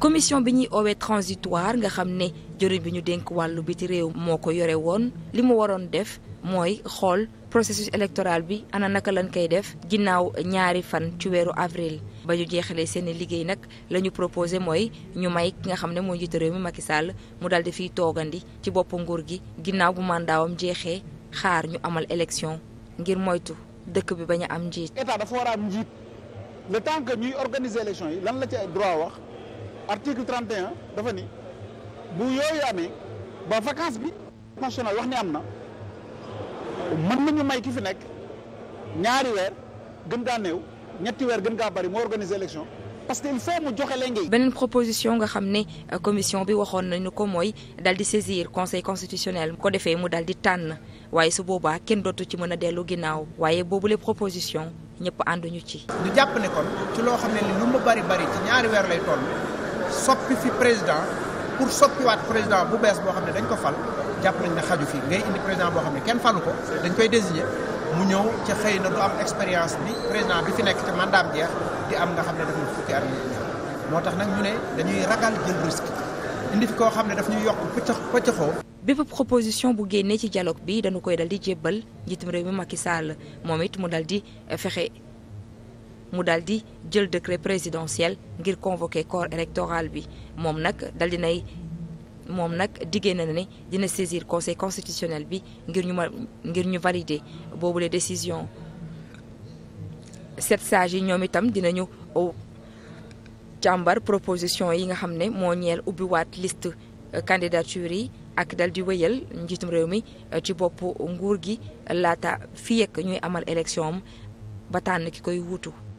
commission bi ñuy oowee transitoire nga xam ne jëriñ bi ñu dénk wàllu biti réew moo ko yore woon li mu waroon def mooy xool processus électoral bi ana naka lañ koy def ginnaaw ñaari fan ci weeru avril ba ñu jeexalee seen liggéey nag lañu ñu mooy ñu may ki nga xam ne mooy njiitu réew mi Macky sàll mu daal di fiy toogandi ci bopp nguur gi ginnaaw bu mandaawam jeexee xaar ñu amal élection ngir moytu dëkk bi bañ a am njiit. état dafa war njiit la article 31 dafa ni bu yooyu amee ba vacance bi national wax ni am na mën nañu may ki fi nekk ñaari weer gën gaa néew ñetti weer gën gaa bari moo organiser élection parce que il faut mu joxe lenge yi beneen proposition nga xam ne euh, commission bi waxoon nañu ko mooy dal di saisir conseil constitutionnel ko defee mu dal di tànn waaye su boobaa kenn dootu ci mën a dellu ginnaaw waaye boobule proposition ñëpp ànduñu ci. ñu jàpp ne kon ci loo xam ne lu mu soppi fi président pour soppiwaat président bu bees boo xam ne dañ ko fal jàpp nañ ne xaju fi ngay indi président boo xam ne kenn falu ko dañ koy désigner mu ñëw ci xëy na du am expérience bi président bi fi nekk te mandaam jeex di am nga xam ne daf ñu fukki at moo tax nag ñu ne dañuy ragal jël risque indi fi koo xam ne daf ñu yokk pëcc pëccëxoo bépp proposition bu génnee ci dialogue bi dañu koy dal di jébbal njiitum réew mi Macky saal moom it mu dal di fexe mu daal di jël décret présidentiel ngir convoquer corps électoral bi moom nag dal di nay moom nag diggée na ne dina saisir conseil constitutionnel bi ngir ñu ma ngir ñu valider boobu les décisions sept sages yi ñoom itam dinañu càmbar proposition yi nga xam ne moo ñeel ubbiwaat list euh, candidature yi ak dal di wéyal njiitum réew mi euh, ci boppu nguur gi laata fi yekk ñuy amal élection ba tànn ki koy wuutu